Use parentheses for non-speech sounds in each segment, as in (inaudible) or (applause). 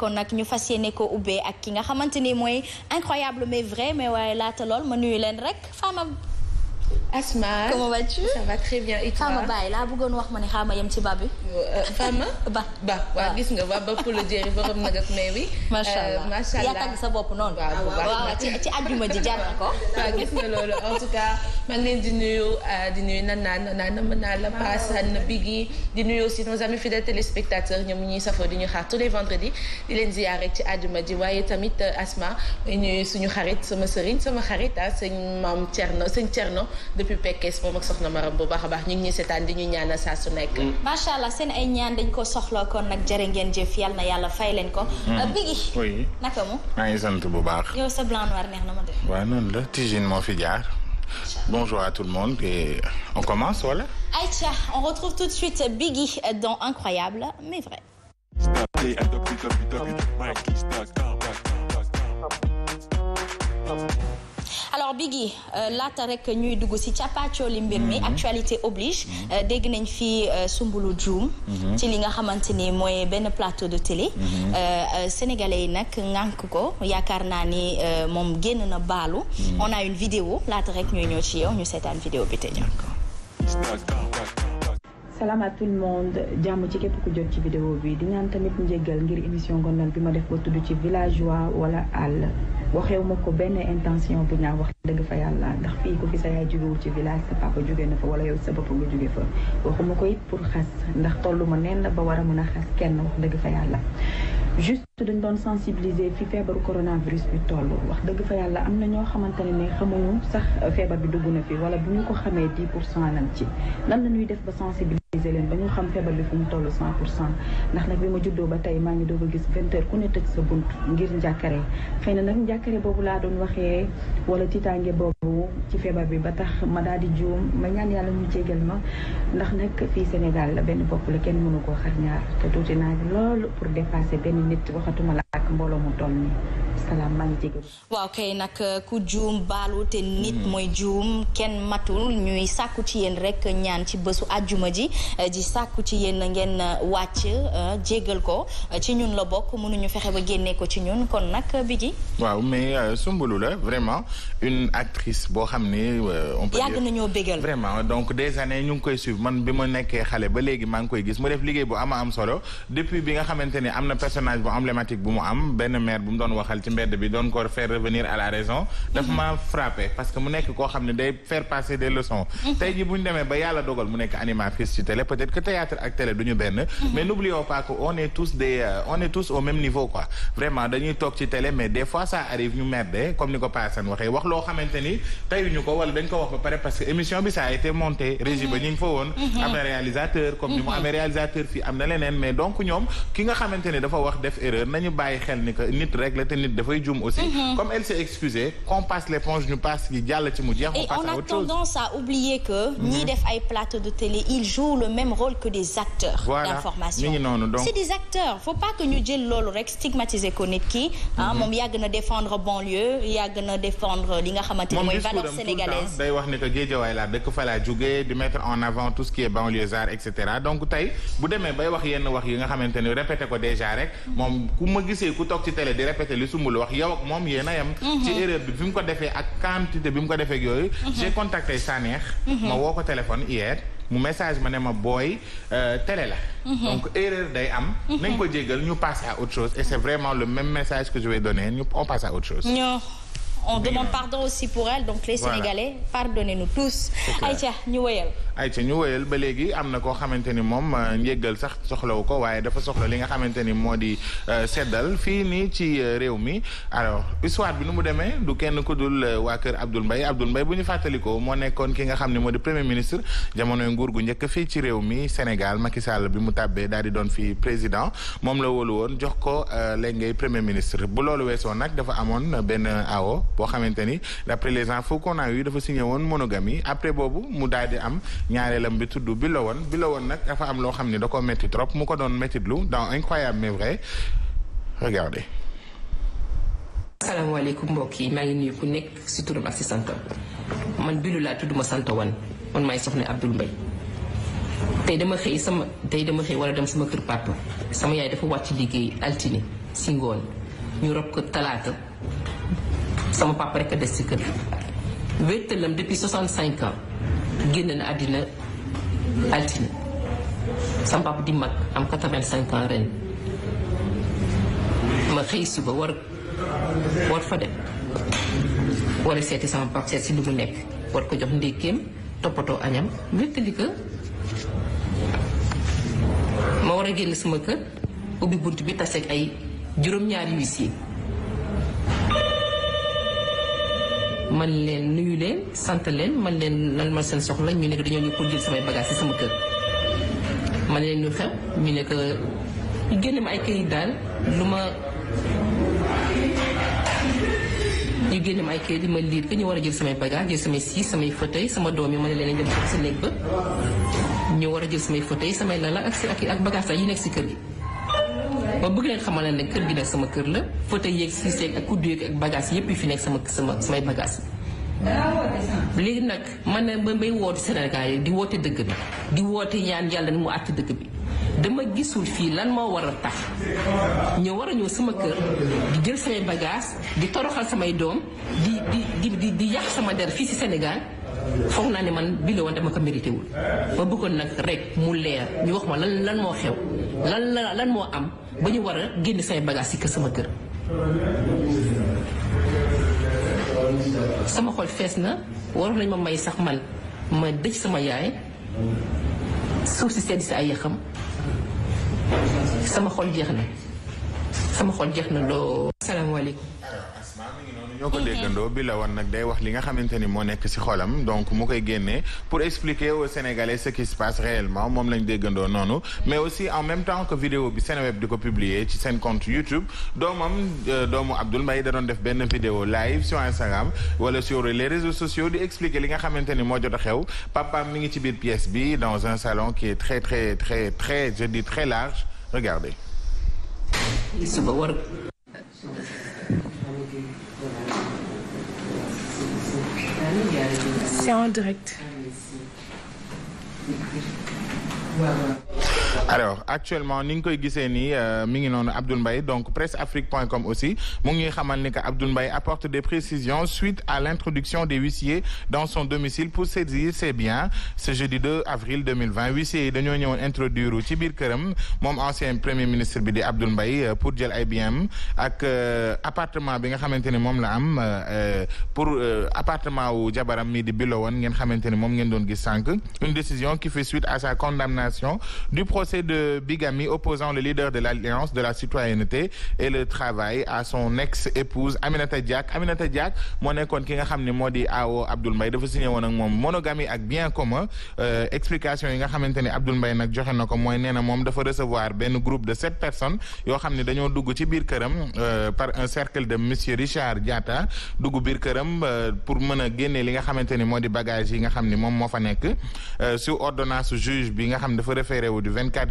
kon nag ñu fas yéene ko ubbee ak ki nga xamante ni mooy incroyable mais vrai mais waaye laata lool ma nuyu leen rek Fama. Asma comment vas-tu laa bëggoon wax ma ne xama yem ci bab bi. Euh, Fama. Ba Ba waaw gis nga waa ba Poulou Dieng borom nag ak may wi. macha euh, allah macha allah yaa tàgg sa bopp noonu. waaw waaw ci ci àjjuma ji jar na ko. waaw gis nga loolu en tout cas maa ngi leen di nuyu euh, di nuyu nanaan nanaan mën naa la paasan bigi di nuyu aussi nos amis fidèles di ñu xaar tous les vendredis di leen ziyaare ci ji waaye tamit Asma nuyu suñu xarit sama sëriñ sama xarit ah sëñ maam Thierno sëñ Thierno depuis Pekes moom ak soxna Maram bu baax a baax ñu ngi ñuy seetaan di ñu ñaanal saa su nekk. macha allah seen ay ñaan ko soxla kon nag jërë ngeen jëf yal na yàlla fay leen ko. Hmm. Euh, Biggi oui naka mu. maa ngi sant bu baax. yow sa a noir neex na ma def. waaw noonu la Tijine moo fi jaar. bonjour à tout le monde et on commence voilà. Aïcha on retrouve tout de suite Biggi dans Incroyable mais vrai. alors Bigui euh, laata rek ñuy dugg ci càppaacoli mbir mi mhm. actualité oblige mhm. euh, dégg nañ fi euh, Sumbulu juum mhm. ci li nga xamante ni mooy benn plateau de télé sénégalais yi nag ŋànk ko yaakaar naa ni moom génn na baalu on a une vidéo laata rek ñuy ñëw ci yow ñu seetaan vidéo bi te ñàkk salaam à tout le monde jàmm ci képp ku jot ci vidéo bi di ñaan tamit njéggal ngir émission ngonal bi ma def ba tudd ci villageois wala àll waxeewu ma ko benn intention bu ñaaw wax dëgg fa yàlla ndax fii ko fi sa yaay jógewul ci village sa papa jóge na fa wala yow sa bopp nga jóge fa waxuma ko it pour xas ndax tollu ma nen ba war a mën a xas kenn wax dëgg fa yàlla juste dañ doon sensibiliser fi feebaru coronavirus bi toll wax dëgg fa yàlla am na ñoo xamante ne xamuñu sax feebar bi dugg na fi wala bu ñu ko xamee 10 pour cent nan ci leen ba ñu xam feebar bi fu mu toll cent cent ndax nag bi ma juddoo ba tey maa ngi doog a gis vingt ku ne tëj sa bunt ngir njàkkare xëy na nag njàkkare boobu laa doon waxee wala tiitaange boobu ci feebar bi ba tax ma daal di juum ma ñaan yàlla mu jégal ma ndax nag fii Sénégal la benn bopp la kenn mënu koo xar ñaar te tuuti naa loolu pour dépasser benn nit waxatuma la ak mbooloo mu toll nii salaam maa ngi jege waaw kay nag uh, ku juum baalu te nit hmm. mooy juum kenn matul ñuy sàkku ci yéen rek ñaan ci bésu àjjuma ji ji uh, sàkku ci yéen ngeen uh, wàcc jégal ko ci ñun la bokk mënuñu fexe ba génnee ko ci ñun kon nag bi gi waaw mais Soumboulou la vraiment une actrice boo xam ne on peut yàgg nañoo vraiment donc des années ñu ngi koy suivre man bi ma nekkee xale ba léegi maa ngi koy gis mu def liggéey bu ama am solo depuis bi nga xamante ne am na personnage bu emblématique bu mu am benn bu mu doon waxal mbedd bi doon ko faire revenir à la raison dafa ma frappé parce que mu nekk koo xam ne day faire passer des leçons mhm. tey ji bu ñu demee ba yàlla dogal mu nekk animatrice ci télé peut-être que théâtre ak télé du ñu benn mhm. mais n'oublions pas que euh, on est tous au même niveau quoi vraiment dañuy toog ci télé mais des fois ça arrive ñu merde comme ni ko Paasan waxee wax loo xamante ni tey ñu ko wala dañ ko wax ba pare parce que émission bi ça a mhm. te nit dafay juum aussi. Mhm. comme elle s'est excusée qu'on passe l'éponge ñu passe yi jàll ci mu jeex. passe a tendance à oublier mhm. def ay plateau de télé ils jouent le même rôle que des acteurs. d'information c'est des acteurs faut pas que ñu jël loolu rek stigmatiser ko nit ki. ah mhm. moom na défendre banlieue yàgg na défendre li nga xamante ni mooy valeur sénégalaise day wax ne que Guédiawaye laa dëkk fa donc tey bu demee bay wax yenn wax yi nga xamante ni répété ko déjà rek moom ku ma gisee ku toog ci Soumboulou wax yow moom yéen a yem mhm. ci erreur bi bi mu ko defee ak quantité bi mu ko defee ak yooyu mhm. j'ai contacté Sanex mhm. ma woo ko téléphone hier mu message ma ne ma booy euh, télé la donc erreur day am nañ ko jéggal ñu passe à autre chose et c'est vraiment le même message que je vais donner ñu on passe à autre chose on demande pardon aussi pour elle donc les Sénégalais pardonnez-nous tous ayca ñu ñu wëyal ba léegi am na koo xamante ni moom euh, njéggal sax soxlawu ko waaye dafa soxla li nga xamante ni moo di euh, seddal fii nii ci euh, réew mi alors histoire bi nu mu demee du kenn ku dul waa kër Abdoul Mbaye Abdoul mbay bu ñu fàttalikoo moo nekkoon ki nga xam ne moo di premier ministre jamonoy nguur gu njëkk fii ci réew mi Sénégal Macky Sall bi mu tàbbee daal di doon fii président moom la wóolu woon jox ko léeg ngay premier ministre bu loolu weesoo nag dafa amoon benn awo boo xamante ni d'après les infos qu'on a eu dafa signé woon monogamie après boobu mu daal di am ñaareelam bi tudd bi la woon bi woon nag dafa am loo xam ne da ko métti trop mu ko doon méttitlu dans incroyable mais vrai regardez. asalaamaaleykum mbokk yi ku nekk si turam ak si man bilu laa tudd ma sant wan man may soxna Abdoul Mbaye tey dama xëy sama tey dama xëy wala dem sama kër papa sama yaay dafa wàcc liggéey altine si ngoon ñu rob ko talaata sama papa rek a des ci kër gi wéttalam depuis 65 ans génn na àddina altine sama papa di mag am 85 ans ren ma xëy suba war war fa dem war a seeti sama papa seet si lu mu nekk war ko jox ndékkeem toppatoo añam wéttali ko ma war a génn sama kër ubbi bunt bi taseeg ay juróom-ñaari huissier man leen nuyu leen sant leen man leen lan ma seen soxla ñu nekk dañoo ñu ko jël samay bagage si sama kër man leen ñu xew ñu nekk génne ma ay këyit daal lu ma ñu génne ma ay këyit ma liir ko war a jël samay bagage jël samay siis samay fauteuil sama doom yi ma ne leen dem si néeg ba ñu war a jël samay fauteuil samay lala ak ak bagage daal yu nekk si kër gi ba bëgg leen xamal ne kër gi nag sama kër la fauteuil yeeg siis ak kuddu yeeg ak bagage yëpp fi nekk sama sama samay bagage léegi nag man ne ba may woote Sénégal yi di woote dëgg bi di woote yaan yàlla ni mu àtt dëgg bi dama gisul fii lan moo war a tax ñoo war a ñëw sama kër di jël samay bagage di toroxal samay doom di di di di yàq sama der fii ci Sénégal foofu naa ne man bii la ma dama ko mérité wul ba bëggoon nag rekk mu leer ñu wax ma lan lan moo xew lan la lan moo am ba ñu war a génn say bagaas yi kër sama kër. sama xol fees na waroon nañ ma may sax man ma dëj sama yaay suuf si sedd si ay yëxam sama xol jeex na sama xol jeex na loo. asalaamaaleykum. maa mi ngi noonu ko déggandoo bi la woon nag day wax li nga xamante ni moo nekk ci xolam donc mu koy génne pour expliquer aux Sénégalais ce qui se passe réellement moom lañ déggandoo noonu mais aussi en même temps que vidéo bi Seneweb di ko publier ci seen compte YouTube doomam euh, doomu Abdoul Mbaye da doon def benn vidéo live sur Instagram wala sur les réseaux sociaux di expliquer li nga xamante ni moo jot xew papaam mi ngi ci biir pièce bi dans un salon qui est très très très très je dis C'est direct. alors actuellement ni nga koy gisee nii euh, mi ngi noonu Abdoul Mbaye donc presseafrique.com aussi mu ngi xamal ni que Abdoul Mbaye apporte des précisions suite à l'introduction des huissiers dans son domicile pour saisir ses biens ce jeudi 2 avril 2020 huissiers yi dañoo ñëwoon introduire ci biir këram moom ancien premier ministre bi di Abdoul mbay euh, pour jël ay biens ak euh, appartement bi nga xamante ni moom la am pour appartement wu jabaram mi di Bilowoon ngeen xamante ni moom ngeen doon gis sànq une décision à sa condamnation du accusé de bigamie opposant le leader de l'Alliance de la citoyenneté et le travail à son ex-épouse Aminata Diak Aminata Diak moo nekkoon ki nga xam ni moo di Awo Abdoul Mbaye dafa signé woon ak moom monogamie ak bien commun euh, explication yi nga xamante ne Abdoul Mbaye nag joxe na ko mooy nee na moom dafa recevoir benn groupe de sept personnes yoo xam ne dañoo dugg ci biir këram euh, par un cercle de monsieur Richard Diatta dugg biir këram euh, pour mën a génne li nga xamante ni moo di bagage yi nga xam ne moom moo fa nekk sous ordonnance bi nga xam dafa référé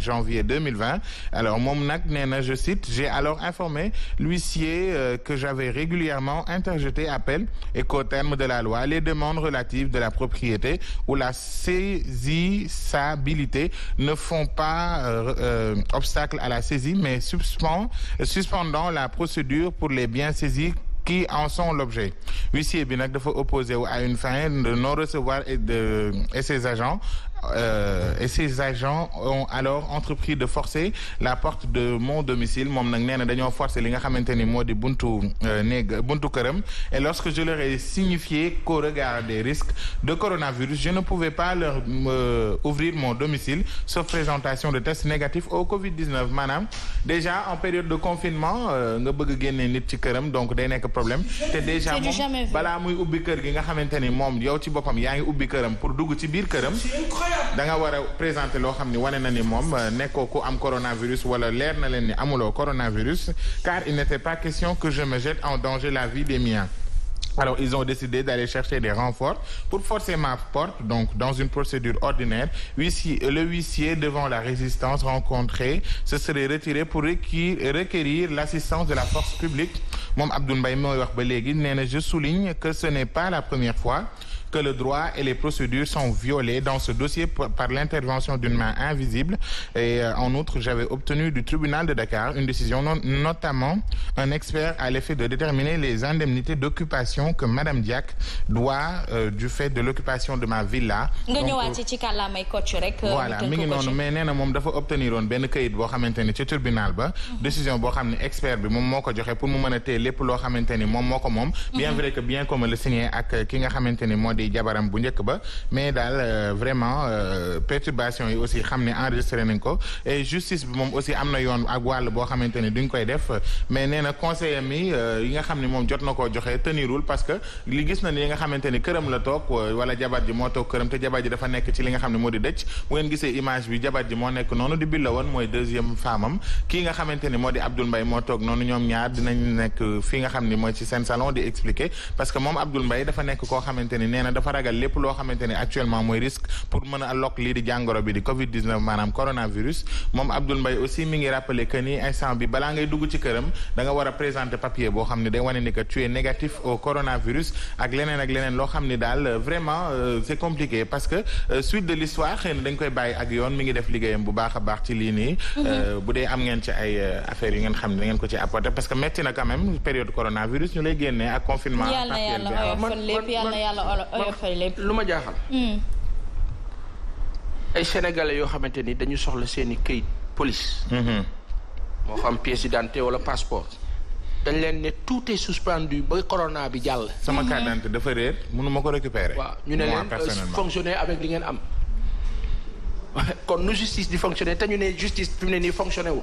24 janvier 2020 alors moom nag nee na je cite j'ai alors informé l'huissier euh, que j'avais régulièrement interjeté appel et qu'au terme de la loi les demandes relatives de la propriété ou la saisissabilité ne font pas euh, euh, obstacle à la saisie mais suspend suspendant la procédure pour les biens saisis qui en sont l'objet huissier bi nag dafa opposé wu à une fin de non recevoir et de et ses agents Euh, et ces agents ont alors entrepris de forcer la porte de mon domicile moom nag nee na dañoo forcer li nga xamante ni moo di buntu euh, néeg buntu këram et lorsque je leur ai signifié des risques de coronavirus je ne pouvais pas leur euh, ouvrir mon domicile sauf présentation de tests négatifs au Covid-19 maanaam déjà en période de confinement euh, nga bëgg génne nit ci këram donc day nekk problème te déjà moom balaa muy ubbi kër gi nga xamante ni moom yow ci boppam yaa ngi ubbi këram pour dugg ci biir këram da nga war a présenter loo xam ni wane na ni moom euh, nekkoo ku am coronavirus wala leer na leen ni amuloo coronavirus car il n'était pas question que je me jette en danger la vie des miens alors ils ont décidé d'aller chercher des renforts pour forcer ma porte donc dans une procédure ordinaire huissier euh, le huissier devant la résistance rencontrée se serait retiré pour requérir, requérir l'assistance de la force publique moom Abdoul Mbaye mooy wax ba léegi nee na je souligne que ce n'est pas la première fois que le droit et les procédures sont violés dans ce dossier par l'intervention d'une main invisible. Et euh, en outre, j'avais obtenu du tribunal de Dakar une décision, notamment un expert à l'effet de déterminer les indemnités d'occupation que Madame Diack doit euh, du fait de l'occupation de ma villa. nga ñëwaat euh, ci kàllaamay coach rek. voilà mi ngi noonu mais nee na moom dafa obtenir woon mhm. décision boo xam ne expert bi moom moo a mhm. bien vrai que bien comme le signé ak ki di jabaram bu njëkk ba mais daal euh, vraiment euh, perturbation yi aussi xam ne enregistré nañ ko et justice bi moom aussi am na yoon ak wàll boo xamante ne duñ koy def mais nee na conseiller mi euh, yi nga xam ne moom jot na koo joxe tenirul parce li gis na ni nga xamante këram la toog wala jabar ji moo toog këram te jabar ji dafa nekk ci li nga xam ne moo di dëcc bu ngeen gisee image bi jabar ji moo nekk noonu di bi woon mooy deuxième femme am nga xamante ni moo di Abdoul Mbaye moo toog noonu ñoom ni mooy ci seen salon ne dafa ragal lépp loo xamante ne actuellement mooy risque pour mën a lokk lii di jàngoro bi di Covid 19 maanaam coronavirus moom Abdoul Mbaye aussi mi ngi rappelé que ni instant bi balaa ngay dugg ci këram da nga a présenter papier boo xam ni daal tu es négatif au coronavirus ak euh, euh, parce que euh, suite de l'histoire xëy na dañ koy bàyyi ak yoon mi ngi def liggéeyam bu baax a baax ci lii nii. Mhm. bu dee am ngeen ci ay affaires yi ngeen xam ne da ko ci apporter parce que métti na quand même période coronavirus ñu lay génnee ak confinement. yàlla yor lu ma jaaxal. Hmm. ay sénégalais yoo xamante ni dañu soxla seeni këyit police. moo xam pièce d'identité wala passeport. dañ leen ne tout est suspendu ba corona bi jàll. sama hmm. carte d'identité dafa réer mënuma ko récupérer. waaw ñu ne leen euh, fonctionner avec li ngeen am. (laughs) kon nu justice di fonctionner te ñu ne justice fi ne nii fonctionner wu.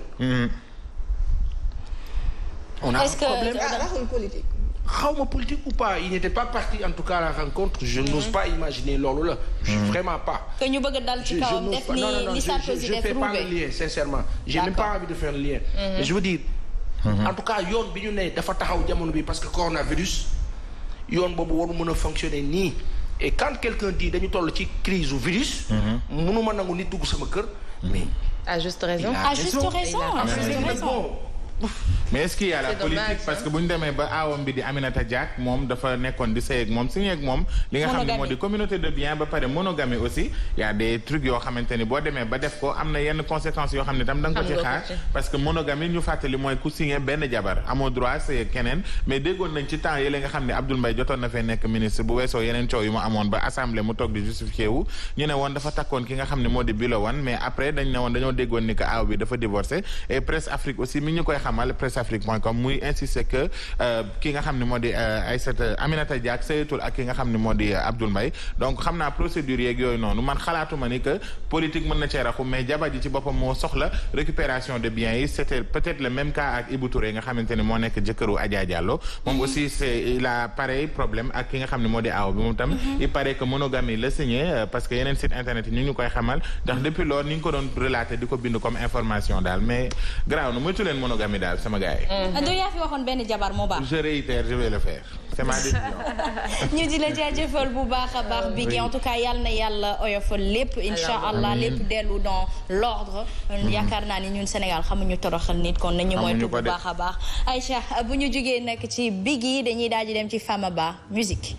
on a un problème est xawma politique ou pas il n'était pas parti en tout cas à la rencontre je mhm. n'ose pas imaginer loolu la mhm. vraiment pas que ñu bëgg dal ci kawam def ni ni Sarkozy def Roubaix je fais pas le sincèrement j'ai même pas envie de faire lien mhm. je veux dire en tout cas yoon bi ñu ne dafa taxaw jamono bi parce que coronavirus yoon boobu waru mën a fonctionner nii et quand quelqu'un dit dañu toll ci crise ou virus mënuma nangu ni dugg sama kër mais à juste raison à juste raison mais est-ce qu'il y a la politique parce que bu ñu demee ba aawam bi di Aminata Diak moom dafa nekkoon di sëy ak moom signé ak moom li nga xam ne moo di communauté de biens ba a des trucs yoo xamante ni boo demee ba def ko am na yenn yoo xam ne tam da nga ko ci xaar parce que monogamie ñu fàttali mooy ku signé benn jabar amoo droit sëy ak keneen mais déggoon nañ ki nga xam ne moo di Bilowane mais après dañ ne woon dañoo déggoon ni que aaw bi dafa divorcé et presse Afrique aussi mi ñu koy xamal presse Afrique.com muy insister que euh, ki nga xam ne moo euh, ak ki nga xam ne moo di euh, Abdoul Mbaye donc xam naa procédure yeeg yooyu noonu man xalaatuma ni que politique mën na cee raxu jabar ji ci boppam moo soxla récupération de biens yi c'était peut-être même cas ak Ibou nga xamante ne moo nekk jëkkëru Adja moom aussi mm-hmm. c'est il a problème ak ki nga xam ne moo di aaw bi moom tam mm-hmm. il paraît que monogamie la signé parce que yeneen site internet yi ñu ñu ko gars yi. du yaa fi waxoon benn jabar moo baax. je réitère je vais (laughs) ñu di la bu baax a baax bi en tout cas yal na yàlla oyofal lépp incha allah lépp dellu dans l'ordre mm-hmm. yaakaar naa ni ñun Sénégal xamuñu toroxal nit kon nañu moytu bu baax a baax. Aïcha bu ñu jugee nag ci bigi dañuy daal di dem ci Fama Ba musique.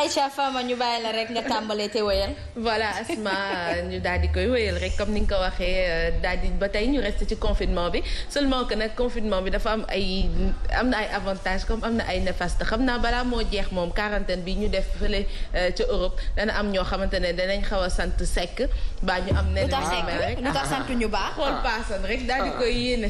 Aïcha Fama ñu bàyyi rek nga tàmbalee te voilà Asma daal di koy wéyal rek comme ni nga ko waxee euh, daal ba tey ñu reste ci confinement bi seulement que nag confinement bi dafa am ay am na ay avantages comme am na ay néfaste xam naa balaa moo jeex moom quarantaine ñu def fële euh, ca Europe dana am ñoo xamante ne danañ xaw a sant sekk baa ñu am. nen rek lu tax baax. xool rek daal di koy yéene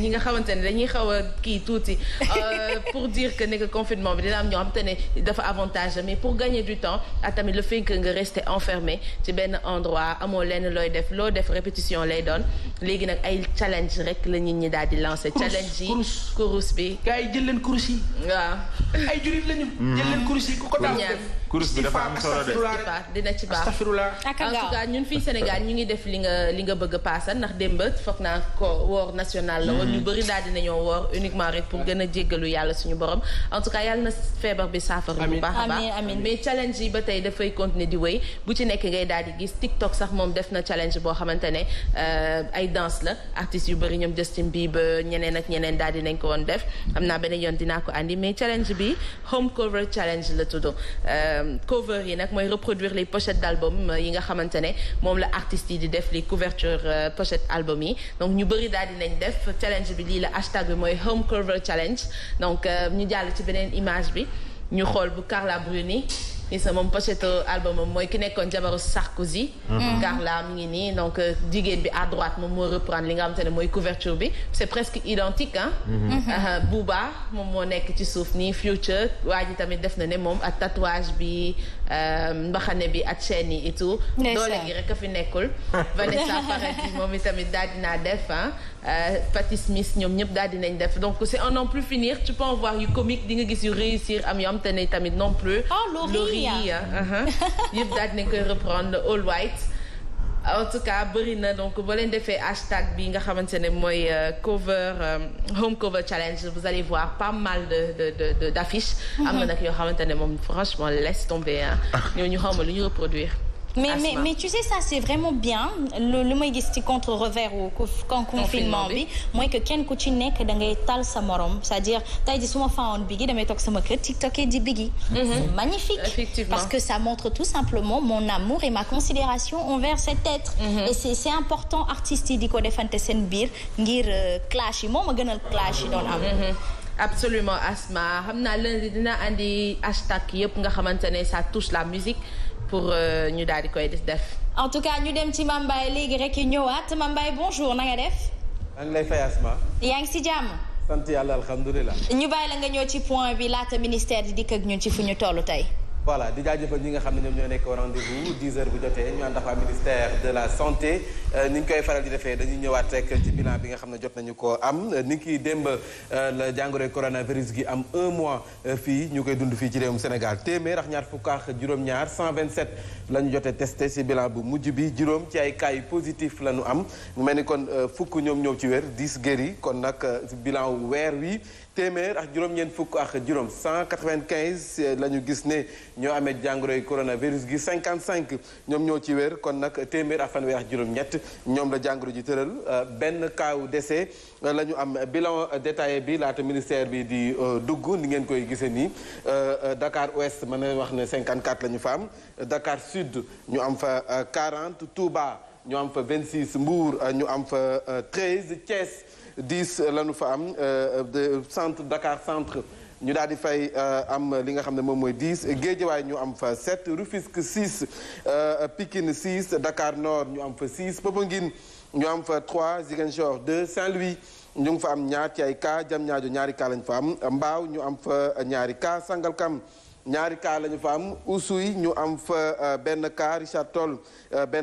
ñi nga xamante ne dañuy xaw a kii tuuti euh, pour dire que ne que confinement bi dina am ñoo xamante ne dafa avantage am pour gagner du temps ak ah, tamit le fait que nga rester enfermé ci benn endroit amoo lenn looy def loo def répétition lay doon léegi nag ay challenge rek la nit ñi daal di lancer. challenge yi kurus bi. gars yi jël leen kurus yi. waaw ay jurit lañu. Mm. jël leen kurus yi ku ko daaw def. kurus bi am ñu ngi def li nga li nga bëgg a ndax démb foog naa ko woor national la mm. bëri daal dinañoo woor uniquement rek pour gën a jéggalu yàlla suñu borom en tout yàlla na feebar bi saafara bu baax a baax mais challenge yi ba tey dafay continuer di wéy bu ci nekk ngay daal di gis TikTok sax moom def na challenge boo xamante ne euh, ay danse la artistes yu bëri ñoom Justin Bieber ñeneen ak ñeneen daal nañ ko woon def xam naa beneen yoon dinaa ko andi mais challenge bi home cover challenge la tudd euh, cover yi nag mooy reproduire les pochettes d'album yi nga xamante ne moom la artistes yi di def les couvertures euh, pochette album yi donc ñu bëri daal dinañ def challenge bi lii la hashtag bi mooy home cover challenge donc euh, ñu jàll ci beneen image bi ñu xool bu Carla Bruni Issa moom pochette album am mooy ki nekkoon jabaru Sarkozy. Mhm. Carla mi ngi nii donc jigéen euh, bi à droite moom moo reprendre li nga xamante ne mooy couverture bi c'est presque identique mhm. Mhm. Ah, ah. Booba moom moo nekk ci suuf ni Future waa ji tamit def na ne moom ak tatouage bi. Euh, mbaxane bi ak chaîne yi et tout. doole rek a fi nekkul. (laughs) Vanessa Paradis moom itamit daal dinaa def ah. Euh, Patti Smith ñoom ñëpp daal dinañ def donc c'est un non plus finir tu peux en voir yu comique nga gis yu réussir am yu am te ne tamit non plus. oh Laurie Laurie ah. Ah, ah, (laughs) yëpp daal dinañ koy reprendre all white. en tout cas bëri na donc boo leen defee hashtag bi nga xamante ne mooy euh, cover euh, home cover challenge vous allez voir pas mal de de de d' affiches. am na mhm. nag yoo xamante ne moom franchement laisse tomber ah. ñooñu xaw ma lu ñu reproduire. mais mais mais tu sais ça c'est vraiment bien lu lu may gis ci contre revers wu confinement bi mooy que kenn ku ci nekk da ngay tal sa morom c'est-à-dire tey ji su ma fawoon bigi damay toog sama kër tiktoké di bigi mhm. c'est magnifique parce que ça montre tout simplement mon amour et ma considération envers cet être mhm. et c'est c'est important artistes di ko defante seen biir ngir euh, clash yi moom a gënal clash yi doon am mhm. absolument Asma xam naa lundi dina andi hashtag yëpp nga xamante ne ça touche la musique pour euh, ñu daal di koy def. def en tout cas ñu dem ci Mame Mbaye léegi rek ñëwaat Mame Mbaye bonjour na nga def. maa ngi lay fay Asma. yaa ngi si jàmm. sant yàlla alhamdulilah. ñu bàyyi la nga ñëw ci point bi laata ministère di dikk ak ñu ci fu ñu toll tey. voilà di jaajëfal ñi nga xam ne ñoom ñoo nekk au rendez-vous 10 heures bu jotee ñu ànd ak waa ministère de la santé euh, ni ñu koy faral di defee dañuy ñëwaat rek ci bilan bi nga xam ne jot nañu ko am ni ki démb euh, la jàngoroy coronavirus gi am un mois euh, fii ñu koy dund fii ci réewum Sénégal téeméer ak ñaar fukk ak juróom-ñaar 127 la ñu jotee testé ci bilan bu mujj bi juróom ci ay cas yu positif la ñu am mu mel ni kon fukk ñoom ñëw ci wér 10 guéri kon nag bilan weer wi téeméer ak juróom-ñeent fukk ak juróom 195 eh, la ñu gis ne ñoo amee jàngoroy coronavirus gi 55 ñoom ñoo ci wér kon nag téeméer ak fanweer ak juróom-ñett ñoom la jàngoro ji tëral eh, benn kaaw décès eh, la ñu am bilan détaillé bi laata ministère bi di dugg li ngeen koy gisee nii Dakar Ouest mën na wax ne 54 la ñu fa am Dakar Sud ñu am fa 40 Touba ñu am fa 26 Mbour ñu am fa 13 Thiès. dix lañu fa am euh, de centre Dakar centre ñu daal di fay euh, am li nga xam ne moom mooy 10 Géejawaay ñu am fa 7 Rufisque 6 euh, Pikine 6 Dakar Nord ñu am fa 6 Popenguine ñu am fa 3 Ziguinchor 2 Saint-Louis ñu ngi fa am ñaar ci ay cas Diamniadio ñaari cas lañu fa am mbaaw ñu am fa ñaari cas Sangalkam ñaari kaa lañu fa am Oussouye ñu am fa benn cas Richard Toll benn